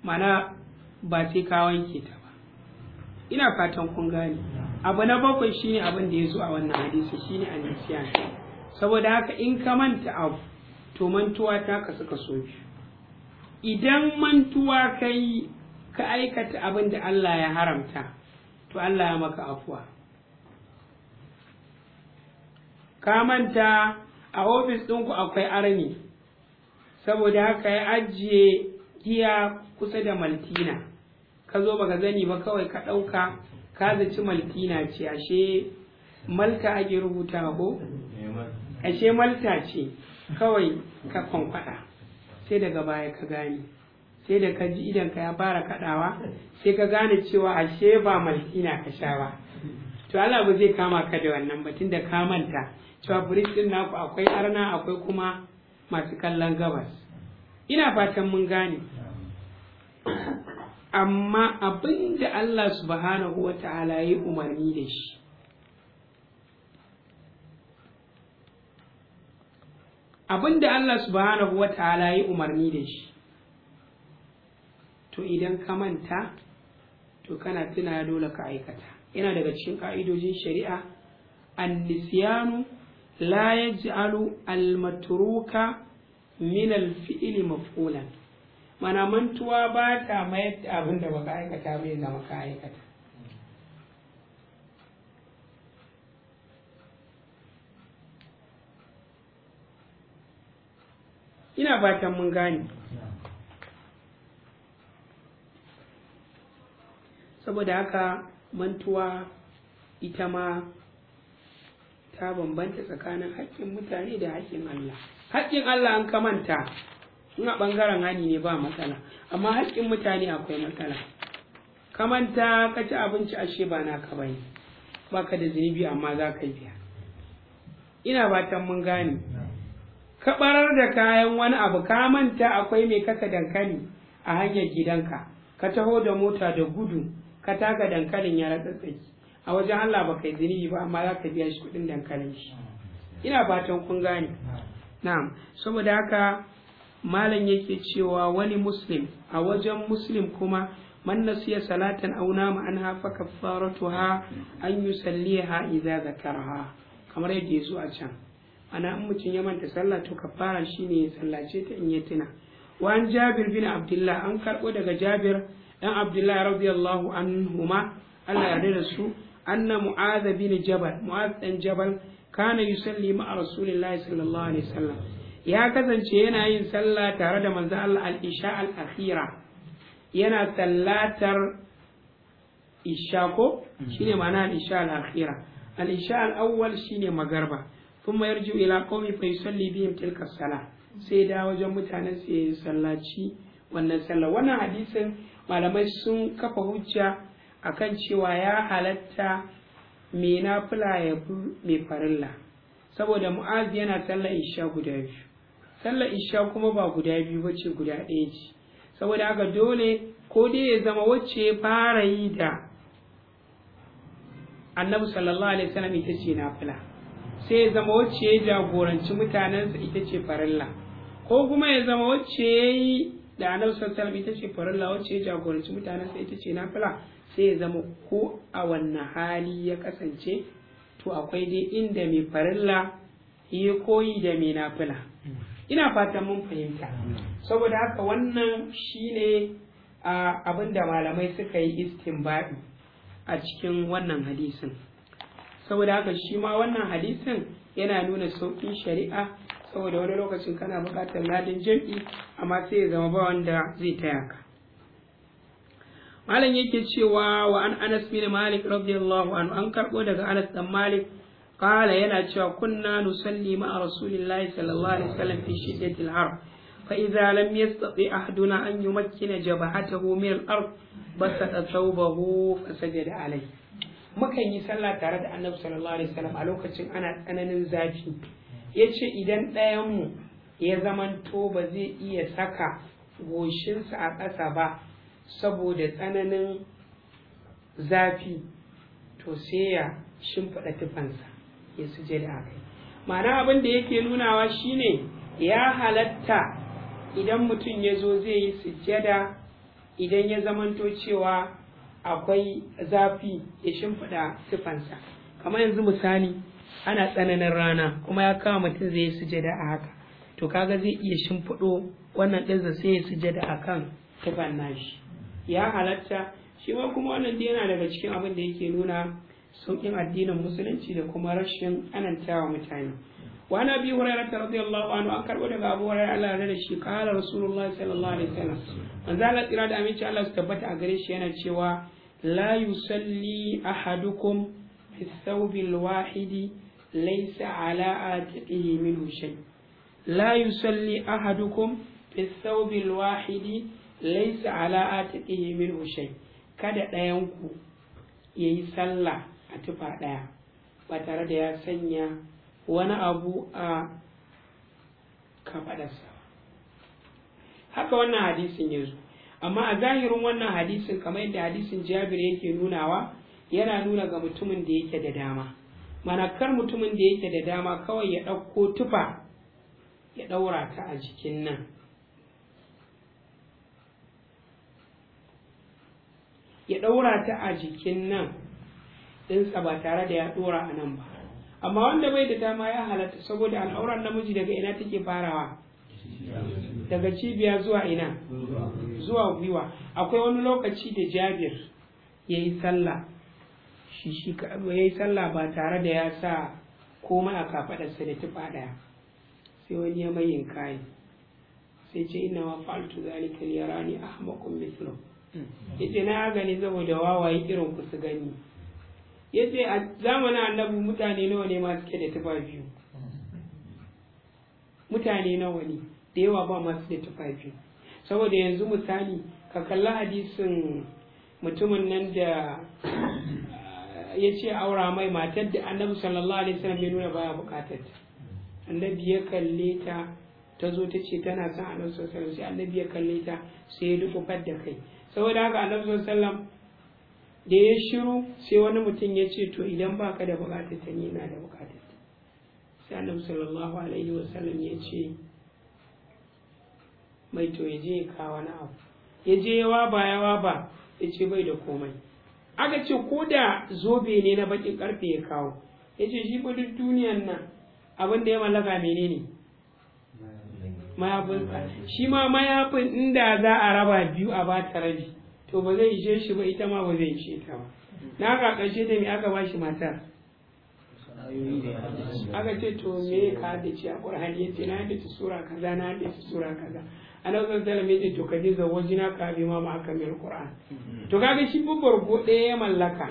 mana ba sai ka wanke ta ina fatan kun gane abu na bakwai shine abin da ya zo a wannan hadisi shine annisiyan saboda haka in ka manta abu to mantuwa ta ka suka so idan mantuwa kai ka aikata abin da Allah ya haramta to Allah ya maka afuwa ka manta a ofis ɗinku akwai arni saboda haka ya ajiye giya kusa da maltina ka zo baka zani ba kawai ka ɗauka ka zaci na ce ashe malta ake rubuta ko ashe malta ce kawai ka kwankwada sai daga baya ka gane sai da ka ji idan ka ya fara kaɗawa sai ka gane cewa ashe ba na ka sha ba to Allah ba zai kama ka da wannan batun da ka manta cewa din naku akwai arna akwai kuma masu kallon gabas ina fatan mun gane amma abin da Allah subhanahu wa ta'ala ya umarni da shi abin da Allah subhanahu wa ta'ala ya umarni da shi to idan ka manta to kana tuna dole ka aikata yana daga cikin ka'idojin shari'a annisiyanu la yaj'alu al-matruka min al-fi'li maf'ulan mana mantuwa ba ta mayar da abin da baka aikata bai zama ka aikata ina fatan mun gane saboda haka mantuwa ita ma ta bambanta tsakanin haƙƙin mutane da haƙƙin Allah haƙƙin Allah an kamanta in a ɓangaren hani ne ba matsala amma haƙƙin mutane akwai matsala kamanta ka ci abinci ashe ba naka ba ne ba ka da zunubi amma za ka biya ina batan mun gane ka ɓarar da kayan wani abu ka manta akwai mai kasa dankali a hanyar gidanka ka taho da mota da gudu ka taka dankalin ya ratsatsaki a wajen Allah ba kai zinibi ba amma za ka biya shi kuɗin dankalin shi ina batan kun gane na'am saboda haka malam yake cewa wani muslim a wajen muslim kuma man nasiya salatan aw nama anha fa kaffaratuha an yusalliha idza zakarha kamar yadda ya a can ana an mutun ya manta sallah to kaffara shine ya sallace ta in ya tuna wa an jabir bin abdullah an karbo daga jabir dan abdullah radiyallahu anhuma Allah ya da su anna mu'adh bin jabal mu'adh dan jabal kana yusalli ma rasulillahi sallallahu alaihi wasallam ya kasance yana yin sallah tare da manzon Allah al-isha al-akhira yana sallatar isha ko mm-hmm. shine ma'ana al-isha al-akhira al-isha al-awwal shine magarba kuma yarju ila qaumi fa yusalli bihim tilka salah sai da wajen mutanen su yi sallaci wannan sallah wannan hadisin malamai sun kafa hujja akan cewa ya halatta mai nafila ya fi mai farilla saboda mu'az yana sallar isha guda biyu sallar isha kuma ba guda biyu ba ce guda ɗaya ce saboda haka dole ko dai ya zama wacce ya fara yi da annabi sallallahu alaihi wasallam ita ce fila sai ya zama wacce ya jagoranci mutanensa ita ce farilla ko kuma ya zama wacce ya yi da annabi sallallahu alaihi wasallam ita ce farilla wacce ya jagoranci mutanensa ita ce fila sai ya zama ko a wannan hali ya kasance to akwai dai inda mai farilla ya koyi da mai fila ina fatan mun fahimta saboda haka wannan shine abin da malamai suka yi istinbadi a cikin wannan hadisin saboda haka shi ma wannan hadisin yana nuna sauƙin shari'a saboda wani lokacin kana buƙatar ladin jirgi amma sai ya zama ba wanda zai taya ka malam yake cewa wa an anas bin malik radiyallahu anhu an karɓo daga anas dan malik qala yana cewa kunna nusalli ma'a rasulillahi a alaihi wasallam fi shiddatil har fa yi sallah tare da annabi alaihi wasallam a lokacin ana tsananin zafi Ya ce idan ɗayan mu ya zamanto ba zai iya saka goshinsa a ƙasa ba saboda tsananin zafi to sai ya shimfiɗa tufansa ya sujada a kai ma'ana abin da yake nunawa shine ya halatta idan mutum ya zo zai yi sujada idan ya zamanto cewa akwai zafi ya shimfiɗa tufansa kamar yanzu misali ana tsananin rana kuma ya kama mutum zai yi sujjada a haka to kaga zai iya shimfiɗo wannan ɗinsa sai ya sujada a kan tufan nashi ya halatta shi ma kuma wannan yana daga cikin abin da yake nuna Sauƙin addinin musulunci da kuma rashin anantawa mutane wa na bi hurairah radiyallahu anhu an karbo daga abu hurairah Allah da shi qala rasulullahi sallallahu alaihi wasallam manzo Allah tsira da aminci Allah su tabbata a gare shi yana cewa la yusalli ahadukum fi thawbil wahidi laysa ala atiqihi minhu shay la yusalli ahadukum fi thawbil wahidi laysa ala atiqihi minhu shay kada ɗayanku ya yi sallah a tufa ɗaya ba tare da ya sanya wani abu a kafaɗarsa haka wannan hadisin ya zo amma a zahirin wannan hadisin kamar yadda hadisin jabir yake nunawa yana nuna ga mutumin da yake da dama mana kar mutumin da yake da dama kawai ya ɗauko tufa ya ɗaura ta a jikin nan ya ɗaura ta a jikin nan ɗinsa ba tare da ya ɗora a nan ba amma wanda bai da dama ya halatta saboda al'auran namiji daga ina take farawa daga cibiya zuwa ina zuwa gwiwa akwai wani lokaci da jabir ya yi sallah shi shi ya yi sallah ba tare da ya sa komai a kafaɗarsa da tufa ɗaya sai wani ya mayin kayi sai ce ina wa fa'altu zalika liyarani ahmakum mithlu ita hmm. na gani saboda wawaye irin ku su gani Yace a zamanin annabi mutane nawa ne ma suke da tufa biyu mutane nawa ne da yawa ba masu da tufa biyu saboda yanzu misali ka kalla hadisin mutumin nan da ya ce aura mai matar da annabi sallallahu alaihi wasallam bai nuna baya bukatar annabi ya kalle ta ta zo ta ce tana son annabi sallallahu alaihi wasallam sai annabi ya kalle ta sai ya dukufar da kai saboda haka annabi sallallahu alaihi wasallam da ya shiru sai wani mutum ya ce to idan ka da bukatar ta ni na da bukatar ta sai annabi sallallahu alaihi wasallam ya ce mai to ya je ya kawo wani abu ya je ya waba ya waba ya ce bai da komai aka ce ko da zobe ne na bakin karfe ya kawo ya ce shi fa duk duniyan nan abin da ya mallaka menene mayafin shi ma mayafin inda za a raba biyu a ta rabi to ba zai ishe shi ba ita ma ba zai ishe ta ba na ga ƙarshe da me aka ba shi matar aka ce to me ka da ce a ya ce na da ta sura kaza na da ta sura kaza annabi sallallahu alaihi wasallam to ka waje na ka bi ma ma aka mai qur'an to ga shi bubbar buɗe ɗaya ya mallaka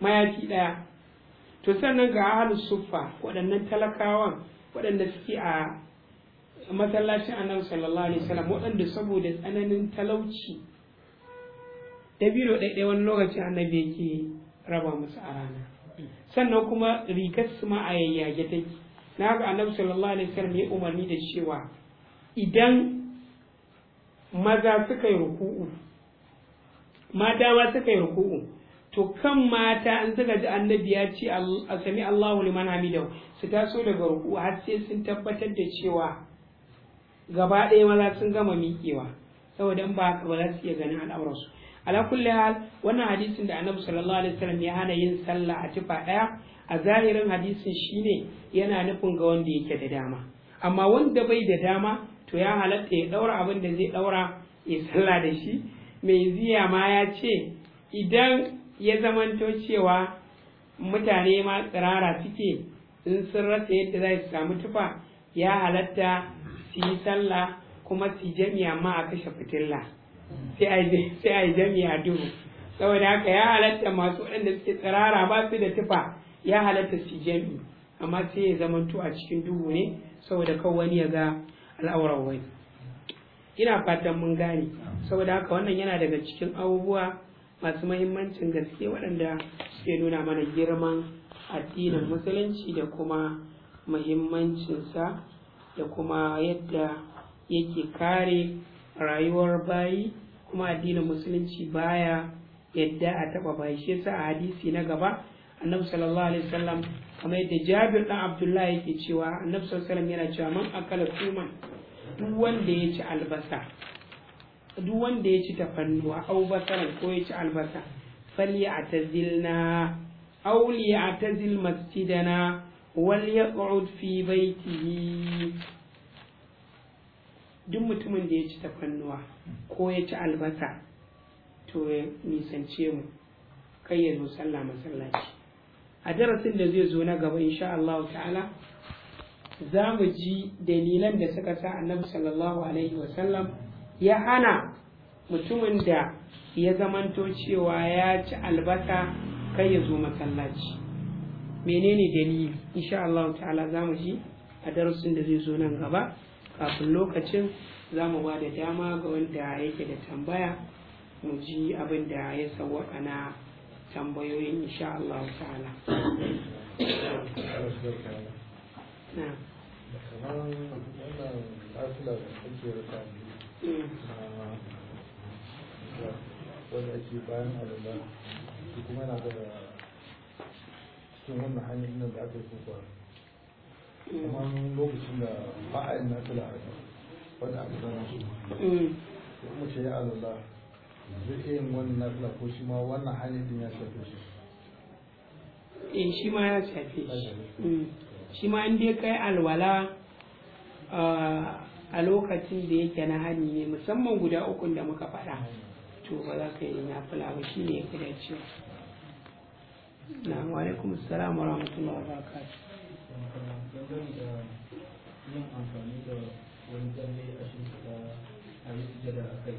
mayaki ɗaya to sannan ga ahlus suffa waɗannan talakawan waɗanda suke a masallacin annabi sallallahu alaihi wasallam waɗanda saboda tsananin talauci biro ɗaiɗai wani lokaci annabi yake raba musu a rana hmm. sannan kuma rigar su ma a yayyage na haka annabi sallallahu alaihi wasallam ya umarni da cewa idan maza suka yi ruku'u mata ma suka yi ruku'u to kan mata an suka ji annabi ya ce a sami Allahu liman hamidahu su taso daga ruku'u har sai sun tabbatar da cewa gaba ɗaya maza sun gama miƙewa saboda in ba za su iya ganin al'aurarsu ala kulli hal wannan hadisin da annabi sallallahu alaihi wasallam ya hana yin sallah a tufa daya a zahirin hadisin shine yana nufin ga wanda yake da dama amma wanda bai da dama to ya halatta ya daura abin da zai daura ya sallah da shi mai ziya ma ya ce idan ya zamanto cewa mutane ma tsirara suke in sun rasa yadda za su samu tufa ya halatta su yi sallah kuma su jami'a ma a kashe fitilla sai a yi jami'a duhu saboda haka ya halatta masu waɗanda suke tsirara ba su da tufa ya halatta su jami amma sai ya zamanto a cikin duhu ne saboda kawai wani ya ga al'aurar wani ina fatan mun gane saboda haka wannan yana daga cikin abubuwa masu mahimmancin gaske waɗanda suke nuna mana girman addinin musulunci da kuma mahimmancinsa da kuma yadda yake kare rayuwar bayi kuma addinin musulunci baya yadda a taba bayi shi yasa a hadisi na gaba annabi sallallahu alaihi wasallam kamar yadda jabir dan abdullahi yake cewa annabi sallallahu alaihi wasallam yana cewa man akala tuman duk wanda ya ci albasa duk wanda ya ci tafannuwa au basaran ko ya ci albasa falyatazilna aw liyatazil masjidana wal yaq'ud fi baitihi duk mutumin da ya ci tafannuwa ko ya ci albasa to ya nisance mu kai ya zo sallah masallaci a darasin da zai zo na gaba insha Allah ta'ala za mu ji dalilan da suka sa annabi sallallahu alaihi wasallam ya hana mutumin da ya zamanto cewa ya ci albasa kai ya zo masallaci menene dalili insha Allah ta'ala za mu ji a darasin da zai zo nan gaba kafin lokacin za mu ba da dama ga wanda yake da tambaya mu ji abin da ya sawwaka na tambayoyin insha Allah ta'ala kuma na da cikin wannan hanyar da aka yi kamar lokacin da ba a tula nafila a wanda aka zama su da kuma ce ya alalla zai iya yin wannan nafila ko shi ma wannan hanyar din ya shafe shi eh shi ma ya shafe shi mm. shi ma in dai kai alwala ah, a lokacin da yake na hani ne musamman guda ukun da muka faɗa to ba za ka yi nafila ba shi ne ya fi dacewa na alaikum assalam wa rahmatullahi wa barakatuh dangane da yin amfani da wani tsalle a shimfiɗa a yi sujada a kai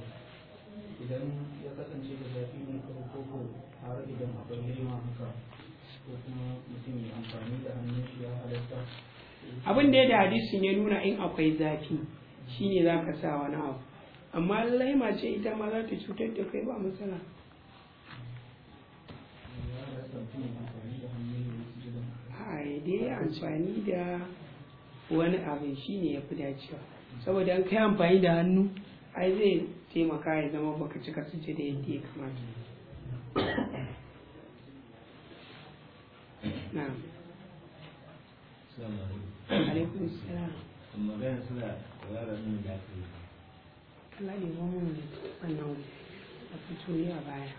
idan ya kasance da zafi ne kawai koko har idan akwai lema haka ko kuma mutum ya amfani da hannun shi ya halatta abin da ya da hadisin ya nuna in akwai zafi shine za ka sa wani abu amma laima ce ita ma za ta cutar da kai ba matsala yi dai amfani da wani abu ne ya fi dacewa saboda an kai amfani da hannu ai zai taimaka ya zama baka cika suce da yadda ya kamata na'am a baya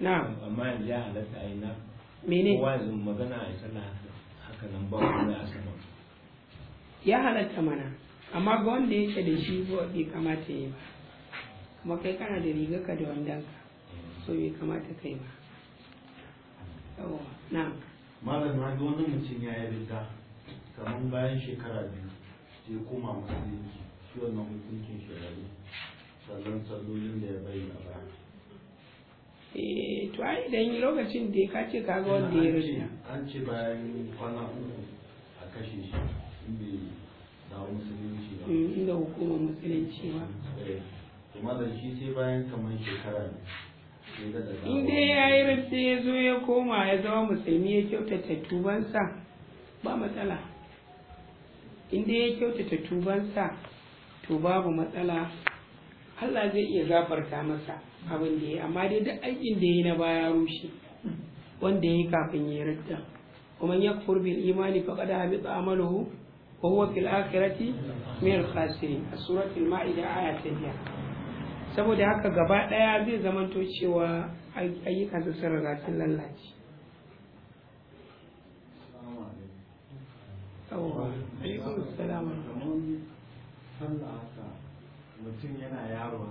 amma yanzu ya halatta yi na mene wazin magana a haka nan ba wanda a sama ya halatta mana amma ga wanda yake da shi ba bai kamata yi ba kuma kai kana da riga ka da wanda ka so bai kamata kai ba yawa malam na ga wani mutum ya yi riga kamar bayan shekara biyu sai koma yanki, shi wannan hukuncin shekaru sannan sallolin da ya bayyana ba eh to ai idan lokacin da ka ce kaga wanda ya rufe an ce bayan kwana uku a kashe shi dawo musulunci ba eh, hukumar musulunci ba kuma da shi sai bayan kamar shekara in dai ya yi rufe ya zo ya koma ya zama musulmi ya kyautata tubansa ba matsala in dai ya kyautata tubansa to babu matsala Allah zai iya gafarta masa abin da ya amma dai duk aikin da ya na baya rushe wanda ya yi kafin ya ridda kuma ya kufur bil imani faqad habita amaluhu wa huwa fil akhirati min suratul ma'ida aya ta saboda haka gaba daya zai zamanto cewa ayyukan su sun riga sun lallace mutum yana yaro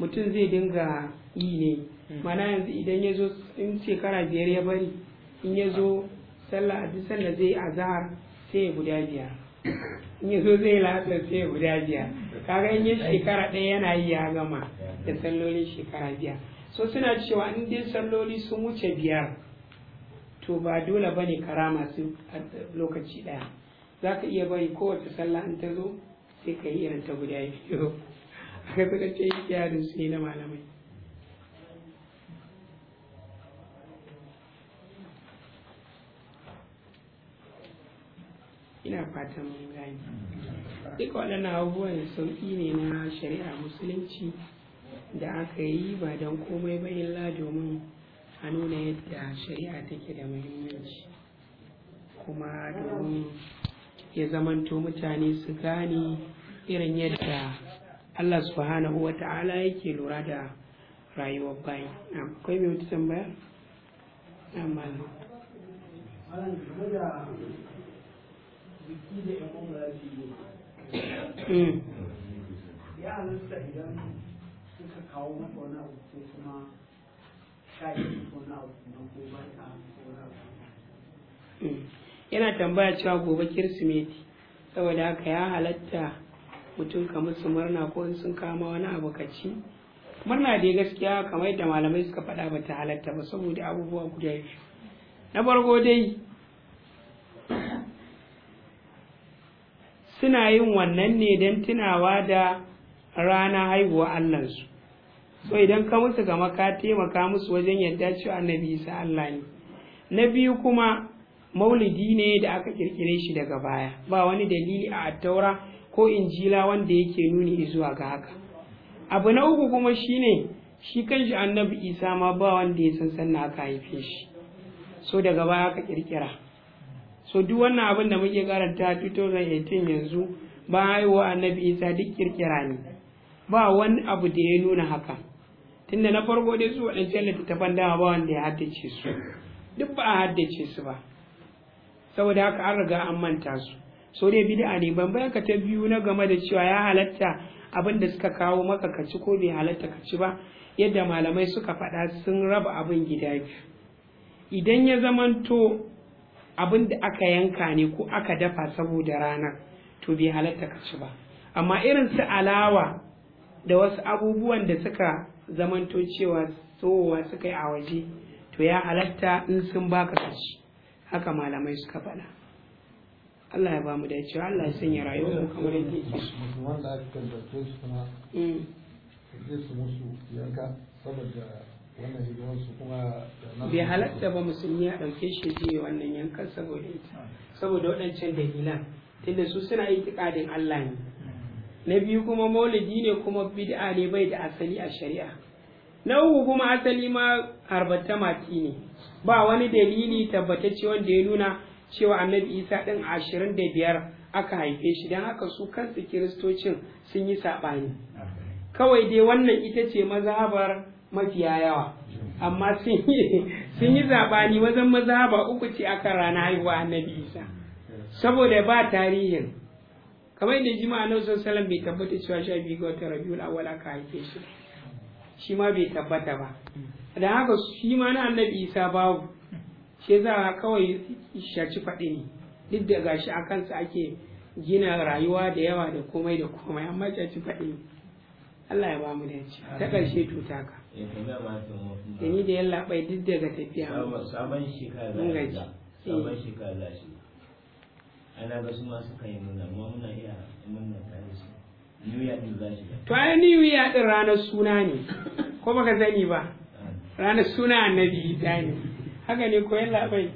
mutum zai dinga yi ne mana hmm. yanzu idan ya zo in shekara biyar ya bari in ya zo sallah a duk sallah zai azhar sai ya guda biyar in ya zo zai la'asar sai ya guda biyar kaga in ya shekara ɗaya yana yi ya gama da sallolin shekara biya so suna cewa in dai salloli sun wuce biyar to ba dole bane karama su lokaci ɗaya za ka iya bari kowace sallah in ta zo sai ka yi irin ta guda biyu aka suka ce kiyarin su na malamai ina fatan mun gani duka waɗannan abubuwan sauƙi ne na shari'a musulunci da aka yi ba don komai ba illa domin a nuna yadda shari'a take da muhimmanci kuma domin ya zamanto mutane su gane irin yadda Allah subhanahu wa ta'ala yake lura da rayuwar bayi akwai mai wata tambaya na malam ya halitta hmm. idan suka kawo mata wani abu ko kuma hmm. yana tambaya cewa gobe kirsimeti saboda haka ya halatta mutum kamar su murna ko in sun kama wani abu ka ci murna dai gaskiya kamar yadda malamai suka faɗa ba ta halatta ba saboda abubuwa guda biyu na farko dai suna yin wannan ne don tunawa da rana haihuwa allansu so idan ka musu gama ka taimaka musu wajen yadda cewa annabi isa allah ne na biyu kuma maulidi ne da aka kirkire shi daga baya ba wani dalili a attaura ko injila wanda yake nuni zuwa ga haka abu na uku kuma shine shi kanshi annabi isa ma ba wanda ya san sannan aka haife shi so daga baya aka kirkira so duk wannan abin da muke karanta 2018 yanzu ba haihuwa annabi isa duk kirkira ne ba wani abu da ya nuna haka tunda na farko dai su waɗancan littattafan dama ba wanda ya haddace su duk ba a haddace su ba saboda haka an riga an manta su so dai bid'a ne bambayan ka ta biyu na game da cewa ya halatta abin da suka kawo maka ka ci ko bai halatta ka ci ba yadda malamai suka faɗa sun raba abin gida idan ya zamanto abin da aka yanka ne ko aka dafa saboda rana to bai halatta ka ci ba amma irin su alawa da wasu abubuwan da suka zamanto cewa tsohuwa suka yi a waje to ya halatta in sun baka ka ci haka malamai suka faɗa Allah ya ba mu dacewa Allah ya sanya rayuwar mu kamar yadda yake so wanda aka tantace su kuma mm. zai su musu yanka saboda wannan hidimar su kuma bai halatta ba musulmi a ɗauke shi je wannan yankan saboda ita saboda waɗancan dalilan tunda su suna itikadin Allah ne na biyu kuma maulidi ne kuma bid'a ne bai da asali a shari'a na uku kuma asali ma harbatta mati ne ba wani dalili tabbatacce wanda ya nuna cewa annabi isa ɗin ashirin da biyar aka haife shi don haka su kansu kiristocin sun yi saɓani kawai dai wannan ita ce mazhabar mafiya yawa amma sun yi saɓani wajen mazhaba uku ce aka rana haihuwa annabi isa saboda ba tarihin kamar yadda jima'a na sallam bai tabbata cewa sha biyu ga wata rabiul awwal aka haife shi shi ma bai tabbata ba da haka shi ma na annabi isa babu shi za kawai shaci faɗi ne duk da gashi a kansa ake gina rayuwa da yawa da komai da komai amma shaci faɗi ne Allah ya ba mu dace ta ƙarshe tuta ka eh, da ni da yalla bai duk daga tafiya sabon shekara sabon shekara shi ana ga su ma suka yi muna amma muna iya muna tare su new year din za shi to ai new year din ranar suna ne ko baka sani ba ranar suna annabi ta ne haka ne ko yalla bai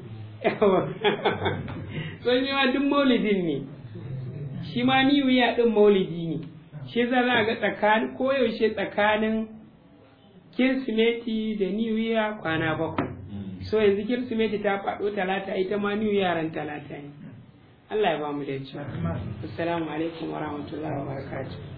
sun ma duk maulidin ne shi ma ni wuya din maulidi ne shi za a ga tsakanin koyaushe tsakanin kirsimeti da new year kwana bakwai hmm. so yanzu kirsimeti ta faɗo talata ita ma new year ran talata ne Allah ya ba mu da cewa assalamu alaikum wa rahmatullahi wa barakatuh